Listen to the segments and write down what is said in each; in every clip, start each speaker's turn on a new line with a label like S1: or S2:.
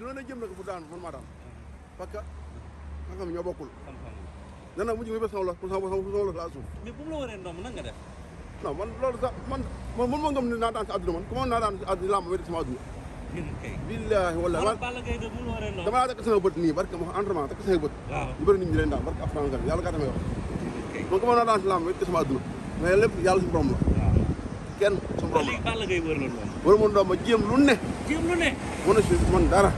S1: loolu lay jëm nag bu daanu man maa daan mm-hmm. parce que xam-xam ñoo bokkul. xam-xam nag mujj muy bés sama los pour sama sama los laa suuf. mais bu mu la waree ndomb nan nga def. non man loolu sax man man man ma ngëm ne naa daan si àdduna man ku ma naa daan si àdduna laa ma wér sama àdduna. kay billaahi wallaahi man Balla Gaye de bu mu la waree ndomb. damaa takk sama bët nii barke ma entraînement takk sama bët. waaw ñu bëri nit ñi leen daan barke afran yàlla gaa damay wax. man ku ma naa daan si laa ma wér sama àdduna mais lépp yàlla si borom la kenn su ma. Balla Gaye wër na loolu. wër ma ndomba jéem lu ne. jéem lu ne. mën na si mën dara.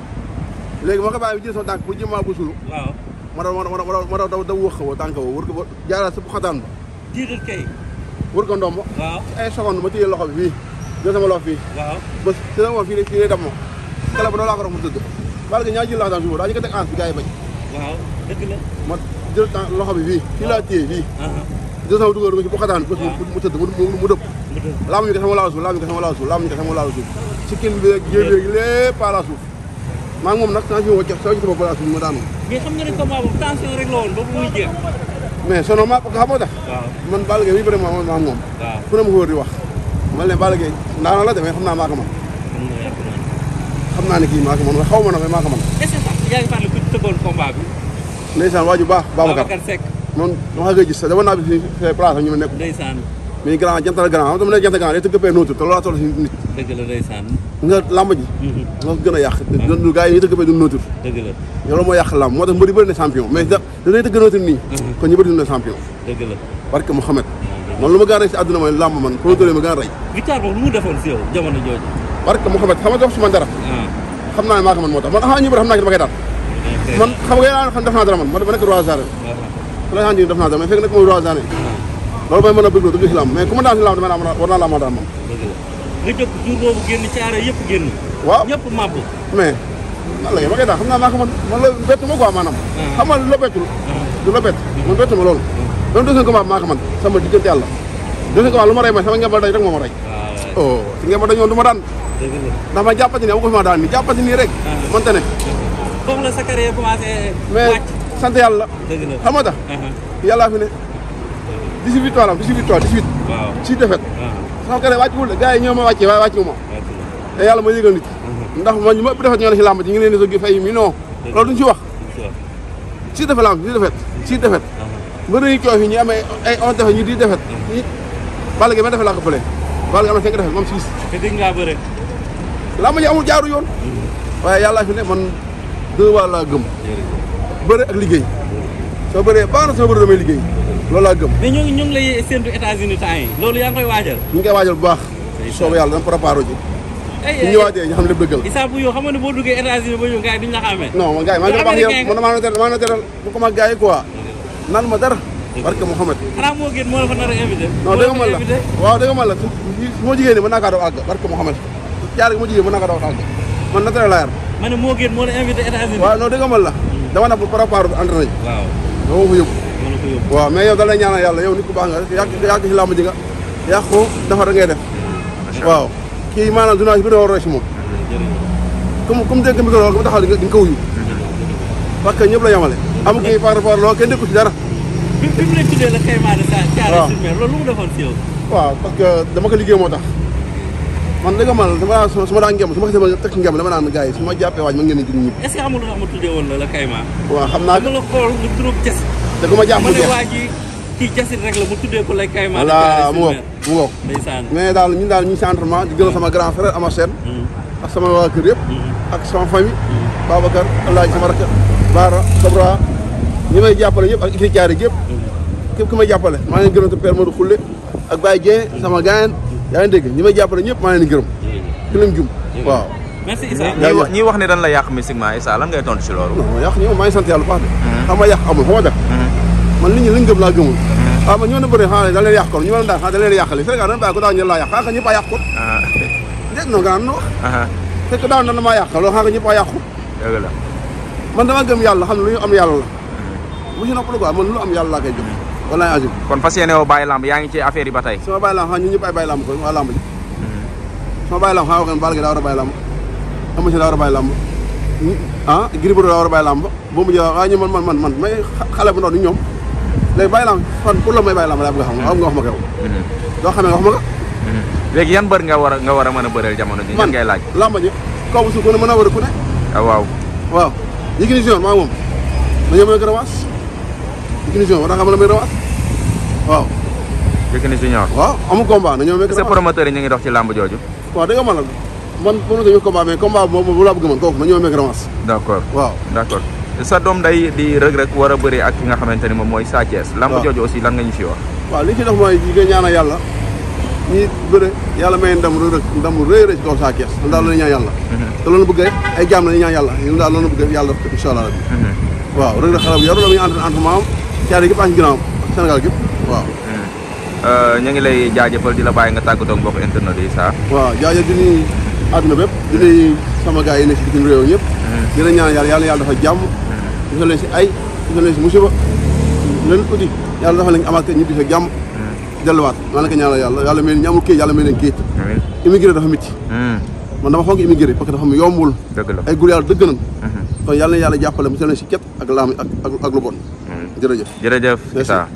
S1: léegi ma ko bàyyi bi sama tànk bu jëm maa busulu. waaw ma daw ma daw daw wëq wa tànk wa wër ko ba jaaraat si xataan ba. jiital kay. wër ma téye loxo bi fii. jël sama loxo fii. waaw ba si sama fii fii lay def kala ba doo laa ko mu tëdd. Balla daa ñu ko teg ans bi gars yi bañ. waaw dëgg la. ma jël loxo bi fii. fii laa téye fii. jël sama dugal ko si bu xataan ba mu tëdd mu dëpp laamuñu kese moo laal suuf laamuñu kese moo laal suuf laamuñu kese moo laal suuf sikkin bi ak a laal suuf maa ngi moom nag tension woo ma daanu mais xam nga ne combat boobu tension rek la mu muy jeex mais ma parce que xamoo tax man Balla Gaye mi ma ko di wax man leen Balla Gaye ndaana la demee xam naa maa ko xam naa ni kii maa ko man xaw ma na mais maa ko man est waaju baax Babacar Seck man dama gëj gis mais grand jantal grand dama lay jantal grand day tëgg nootu te loolaa toll si nit. dëgg la ndeysaan. nga làmb ji. nga gën a yàq. waaw gars yi ñuy tëgg duñ nootu. dëgg la loolu moo yàq làmb moo tax mbër yi bëri na champion mais da day tëgg nootu nii. kon ñu bëri na champion. dëgg la parce que Mouhamed. man lu ma gën a rey si àdduna mooy làmb man producteur yi ma gën a rey. Victor boobu lu mu defoon si yow jamono jooju. parce que Mouhamed xam nga dox si man dara. Ah. xam naa ne maa ko mën moo tax man ah ñu bëri xam naa ki dama koy daal. man xam nga yéen a xam def naa dara man man dama nekk roi des arènes. waaw xam naa ne def naa dara mais fekk nag mooy roi des arènes ah. loolu mooy mën a bëgg loolu dugg si lamb mais ku ma daan si lamb dama naa war naa laa a daan moom. dëgg la nga jóg jour boobu waaw ñëpp màbb. mais ma koy daan xam naa maa ma quoi maanaam. Ah. xam nga la bettul. du ah. la bett ma loolu. donc ah. deuxième combat maa ko man sama diggante yàlla. deuxième combat lu ma rey man sama ngembal dañ rek moo ma rey. waaw waaw oh, si ngembal dañ ma daan. dama la ndax man jàppati ni amu ko ma daan mi jàppati nii rek. waaw mënta ne. foofu la sa carrière commencé. wàcc mais sant yàlla. dëgg la xam nga tax yàllaa fi ne dix huit ans la dix huit ans dix huit. waaw six défaites. waaw ah. xam nga wàccuwul de gars yi ñoo ma wàccee waaye wàccuwuma. te yàlla ma yëgal nit mhm. ndax man ñu ma ëpp defet ñoo si làmb ji ñu ngi leen di soog a fay million. loolu duñ ci wax. six défaites làmb six défaites six ah. yi ñu amee ay onze défaites ñu dix défaites. Mhm. ñi Balla ma defe laa ko fële Balla Gaye am na cinq défaites moom six. te dégg ngaa bëre. làmb ji yoon. Mhm. waaye yàlla fi ne man deux wàll laa gëm. bëre ak liggéey. soo bëree baax na soo bëree damay liggéey loolu a gëm. mais ñoo ngi ñoo ngi lay séntu États-Unis yi loolu yaa ngi koy waajal. ñu baax. soobu yàlla dama préparé ji. su eh, ñu eh, ñëwaatee ñu xam lépp dëggal. Issa xam ne boo duggee États-Unis ba ñëw gars man gars yi maa ngi man maa ngi maa a invité. non dégg ma la waaw dégg ma la man ma ne moo gën moo la invité États-Unis. waaw non dégg ma la mm. dama na pour préparer bi entraîné waaw dama ko waaw mais yow da lay ñaanal yàlla yow nit ku baax nga rek yàgg yàgg si làmb ko defar da ngay def waaw kii maanaam journaliste bi da war a roy si moom comme comme dégg micro loolu taxaw di nga ko wuyu parce que ñëpp la yamale am kii par rapport loolu kenn déggu si dara bi bi mu leen de sa caare sur mer loolu lu mu defoon si yow waaw parce que dama ko liggéey moo tax man dëgg man dama daan ngem su ma xasee ma teg ngem dama naan waaj ma ngeen a jug te du ma jàpp jeex ma kii jasit rek la mu tuddee ko lay kaymaa. voilà mu ngoog mu ngoog. mais daal ñun daal ñu ngi si entraînement di gërëm sama grand frère Ama Sène. Mm. ak sama waa kër yëpp. Mm. ak sama famille. Mm. Babacar Alaaji sama rakk Baara Sabra ñi may jàppale ñëpp ak Ife Thiaré yëpp. képp ku may jàppale maa ngi leen gërëm te Père Modou Khoule ak Baye Dieng sama gaayen yaa ngi dégg ñi may jàppale ñëpp maa ngi leen gërëm. ki leen jum waaw. merci Issa ñi wax ne dañ la yàq musiquement Issa lan ngay tontu si loolu. non yàq ñoom maa ngi sant yàlla bu baax de. xam nga yàq amul fa ma man li ñu liñ gëm laa gëmul waaw hmm. ah, man ñoo na bëri xanaa da leen yàqoon ñu leen daan xanaa da leen yàqale Sénégal dañ bàyyi ko daan ñu laa yàq xanaa ñëpp a yàqut ah. dégg nga nga no fekk daan na ah. maa yàqal loolu xanaa ñëpp a yàqut dëgg la man dama gëm yàlla xam ne lu ñu am yàlla la mu si noppal quoi man lu am yàlla laa koy gëm walaay agib kon fas yéene woo bàyyi lamb yaa ngi ci affaire yi ba tey sama bàyyi lamb xanaa ñu ñëpp ay bàyyi lamb ko waa lamb ji hmm. sama bàyyi lamb xanaa waxee baal gi daa war a bàyyi lamb ama si daa war a bàyyi lamb hmm. ah Gris Bordeaux daa war a bàyyi lamb boo mu jë waa ñu man man man man may xale bu ndaw ni ñoom léegi bàyyi laam fan pour la may bàyyi laam laa bëgg a xam nga wax ma ko doo mm-hmm. xamee nga wax ma ko mm-hmm. léegi yan mbër nga war a nga war a mën a bëreel jamono ji ngay laaj lamba ji kaw bu suuf ku ne mën war a ku waaw waaw yi gi ni ma maa moom dañoo may rawaas yi gi ni junior war naa xam la may rawaas waaw Yékini Junior waaw amul combat nañoo mekk sa promoteur yi ñu ngi dox ci làmb jooju waaw da nga mën man promoteur ñu combat mais combat boobu laa bëgg man kooku nañoo mekk revanche d'accord waaw d'accord sa doom day di Reug Reug war a bëri ak ki nga xamante ni moom mooy Sa Thiès. waaw lamb jooju lan nga ñu fi wax. waa li ci def mooy li nga ñaanal yàlla ñi bëre yàlla may ndam Reug Reug ndam rëy daal la ñuy ñaan yàlla. Mhm. te loolu bëgg ay jaam la ñuy ñaan yàlla ñun daal loolu bëgg yàlla def ko incha mhm. waaw Reug Reug xarab yaru la muy entraînement am caare gépp ak ngi lay jaajëfal di la bàyyi nga tàggatoo ak mbokk internet yi saa. waaw jaajëf di nuyu àdduna bépp di yi nekk ci bitim réew ñëpp. Mhm. dina yàlla yàlla dafa jàmm gis na leen si ay gis na leen si musiba leen uti yàlla dafa lañ amaat ñu di fekk jàmm hmm. delluwaat maa ngi ko ñaanal yàlla yàlla mel ñu amul kayit yàlla mel leen kayit immigré dafa métti hmm. man dama foog immigré parce que dafa mu yombul ay gur yàlla dëgg nañ hmm. kon yàlla na yàlla jàppale mu si si ket ak laam ak ak lu bon jërëjëf jërëjëf